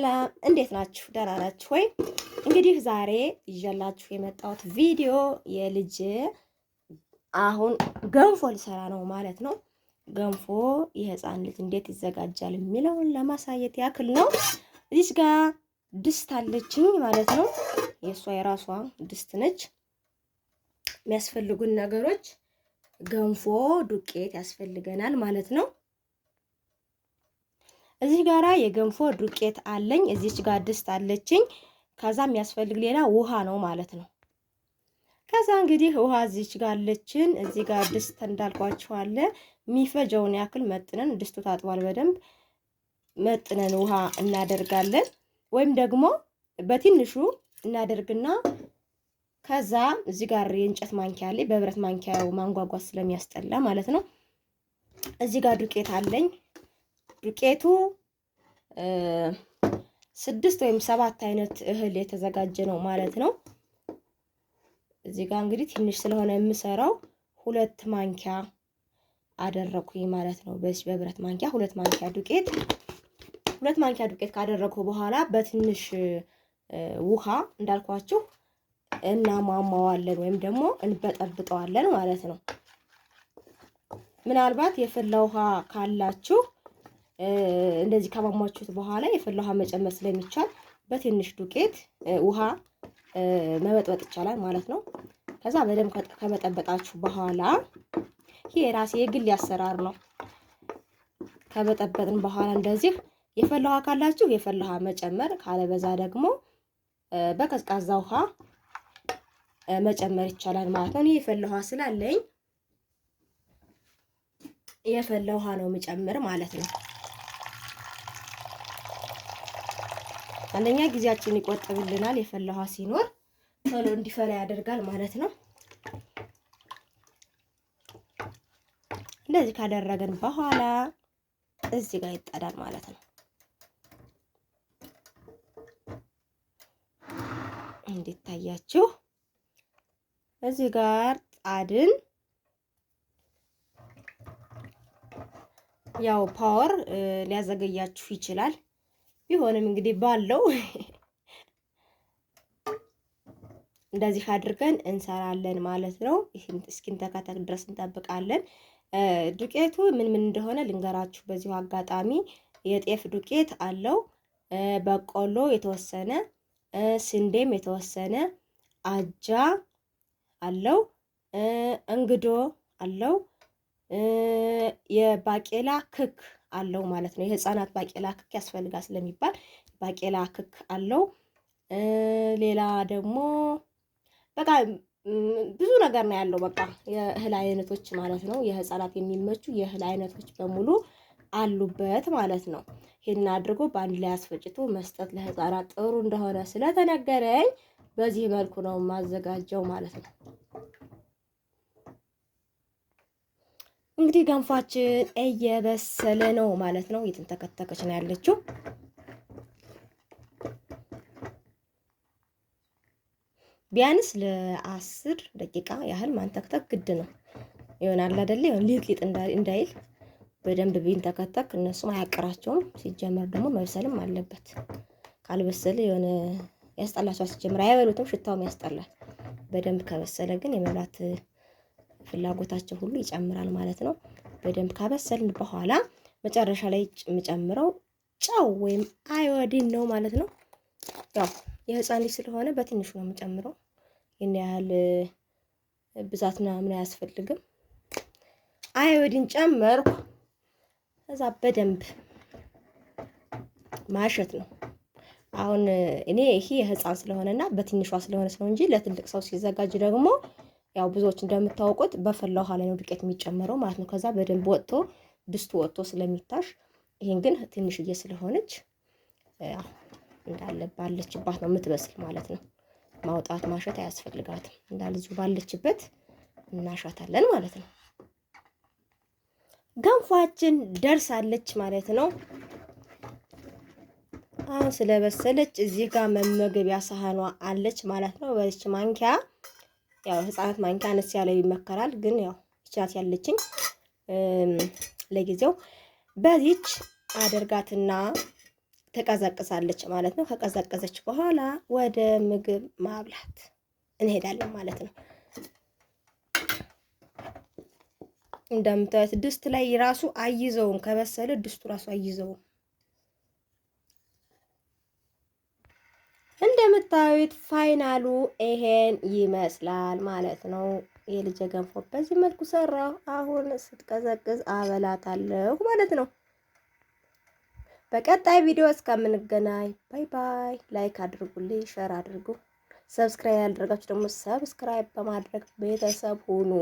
ሰላም እንዴት ናችሁ? ደህና ናችሁ ወይ? እንግዲህ ዛሬ ይዤላችሁ የመጣሁት ቪዲዮ የልጅ አሁን ገንፎ ልሰራ ነው ማለት ነው። ገንፎ የህፃን ልጅ እንዴት ይዘጋጃል የሚለውን ለማሳየት ያክል ነው። እዚች ጋ ድስት አለችኝ ማለት ነው። የእሷ የራሷ ድስት ነች። የሚያስፈልጉን ነገሮች ገንፎ ዱቄት ያስፈልገናል ማለት ነው። እዚህ ጋራ የገንፎ ዱቄት አለኝ። እዚች ጋር ድስት አለችኝ። ከዛ የሚያስፈልግ ሌላ ውሃ ነው ማለት ነው። ከዛ እንግዲህ ውሃ እዚች ጋር አለችን። እዚህ ጋር ድስት እንዳልኳችኋለ አለ። የሚፈጀውን ያክል መጥነን፣ ድስቱ ታጥቧል በደንብ መጥነን ውሃ እናደርጋለን። ወይም ደግሞ በትንሹ እናደርግና ከዛ እዚህ ጋር የእንጨት ማንኪያ አለኝ። በብረት ማንኪያው ማንጓጓዝ ስለሚያስጠላ ማለት ነው። እዚህ ጋር ዱቄት አለኝ ዱቄቱ ስድስት ወይም ሰባት አይነት እህል የተዘጋጀ ነው ማለት ነው። እዚህ ጋር እንግዲህ ትንሽ ስለሆነ የምሰራው ሁለት ማንኪያ አደረኩኝ ማለት ነው። በዚህ በብረት ማንኪያ ሁለት ማንኪያ ዱቄት ሁለት ማንኪያ ዱቄት ካደረኩ በኋላ በትንሽ ውሃ እንዳልኳችሁ እናሟሟዋለን ወይም ደግሞ እንበጠብጠዋለን ማለት ነው። ምናልባት የፈላ ውሃ ካላችሁ እንደዚህ ከማሟችሁት በኋላ የፈላ ውሃ መጨመር ስለሚቻል በትንሽ ዱቄት ውሃ መበጥበጥ ይቻላል ማለት ነው። ከዛ በደንብ ከመጠበጣችሁ በኋላ ይሄ የራሴ የግል አሰራር ነው። ከመጠበጥን በኋላ እንደዚህ የፈላ ውሃ ካላችሁ የፈላ ውሃ መጨመር፣ ካለበዛ ደግሞ በቀዝቃዛ ውሃ መጨመር ይቻላል ማለት ነው። እኔ የፈላ ውሃ ስላለኝ የፈላ ውሃ ነው የምጨምር ማለት ነው። አንደኛ ጊዜያችን ይቆጥብልናል። የፈላ ውሃ ሲኖር ቶሎ እንዲፈላ ያደርጋል ማለት ነው። እንደዚህ ካደረገን በኋላ እዚህ ጋር ይጣዳል ማለት ነው። እንዲታያችሁ እዚህ ጋር ጣድን። ያው ፓወር ሊያዘገያችሁ ይችላል። ቢሆንም እንግዲህ ባለው እንደዚህ አድርገን እንሰራለን ማለት ነው። እስኪንተከተክ ድረስ እንጠብቃለን። ዱቄቱ ምን ምን እንደሆነ ልንገራችሁ በዚሁ አጋጣሚ። የጤፍ ዱቄት አለው፣ በቆሎ የተወሰነ፣ ስንዴም የተወሰነ፣ አጃ አለው፣ እንግዶ አለው፣ የባቄላ ክክ አለው ማለት ነው። የህፃናት ባቄላ ክክ ያስፈልጋል ስለሚባል ባቄላ ክክ አለው። ሌላ ደግሞ በቃ ብዙ ነገር ነው ያለው። በቃ የእህል አይነቶች ማለት ነው። የህፃናት የሚመቹ የእህል አይነቶች በሙሉ አሉበት ማለት ነው። ይህን አድርጎ በአንድ ላይ አስፈጭቶ መስጠት ለህፃናት ጥሩ እንደሆነ ስለተነገረኝ በዚህ መልኩ ነው የማዘጋጀው ማለት ነው። እንግዲህ ገንፋችን እየበሰለ ነው ማለት ነው። እየተንተከተከች ነው ያለችው። ቢያንስ ለአስር ደቂቃ ያህል ማንተክተክ ግድ ነው ይሆናል አይደለ? ሊጥ እንዳይል በደንብ ቢንተከተክ እነሱም አያቀራቸውም። ሲጀመር ደግሞ መብሰልም አለበት። ካልበሰለ የሆነ ያስጠላቸዋል። ሲጀመር አይበሉትም፣ ሽታውም ያስጠላል። በደንብ ከበሰለ ግን የመብላት ፍላጎታቸው ሁሉ ይጨምራል ማለት ነው። በደንብ ካበሰልን በኋላ መጨረሻ ላይ የምጨምረው ጨው ወይም አዮዲን ነው ማለት ነው። ያው የህፃን ልጅ ስለሆነ በትንሹ ነው የምጨምረው። ይህን ያህል ብዛት ምናምን አያስፈልግም። አዮዲን ጨመርኩ። ከዛ በደንብ ማሸት ነው። አሁን እኔ ይሄ የህፃን ስለሆነና በትንሿ ስለሆነ ነው እንጂ ለትልቅ ሰው ሲዘጋጅ ደግሞ ያው ብዙዎች እንደምታውቁት በፈላ ውሃ ላይ ነው ዱቄት የሚጨመረው ማለት ነው። ከዛ በደንብ ወጥቶ ድስቱ ወጥቶ ስለሚታሽ፣ ይሄን ግን ትንሽዬ ስለሆነች እንዳለ ባለችባት ነው የምትበስል ማለት ነው። ማውጣት ማሸት አያስፈልጋትም። እንዳልዙ ባለችበት እናሻታለን ማለት ነው። ገንፏችን ደርሳለች ማለት ነው። አሁን ስለበሰለች እዚህ ጋር መመገቢያ ሳህኗ አለች ማለት ነው። በዚች ማንኪያ ያው ህጻናት ማንኪያ አነስ ያለ ይመከራል። ግን ያው ይቻት ያለችኝ ለጊዜው በዚች አደርጋትና ተቀዘቅዛለች ማለት ነው። ከቀዘቀዘች በኋላ ወደ ምግብ ማብላት እንሄዳለን ማለት ነው። እንደምታዩት ድስት ላይ ራሱ አይዘውም፣ ከበሰለ ድስቱ ራሱ አይዘውም። ተከታዩት ፋይናሉ ይሄን ይመስላል ማለት ነው። የልጄ ገንፎ በዚህ መልኩ ሰራው። አሁን ስትቀዘቅዝ አበላታለሁ ማለት ነው። በቀጣይ ቪዲዮ እስከምንገናኝ ባይ ባይ። ላይክ አድርጉልኝ፣ ሸር አድርጉ። ሰብስክራይብ ያደረጋችሁ ደግሞ ሰብስክራይብ በማድረግ ቤተሰብ ሁኑ።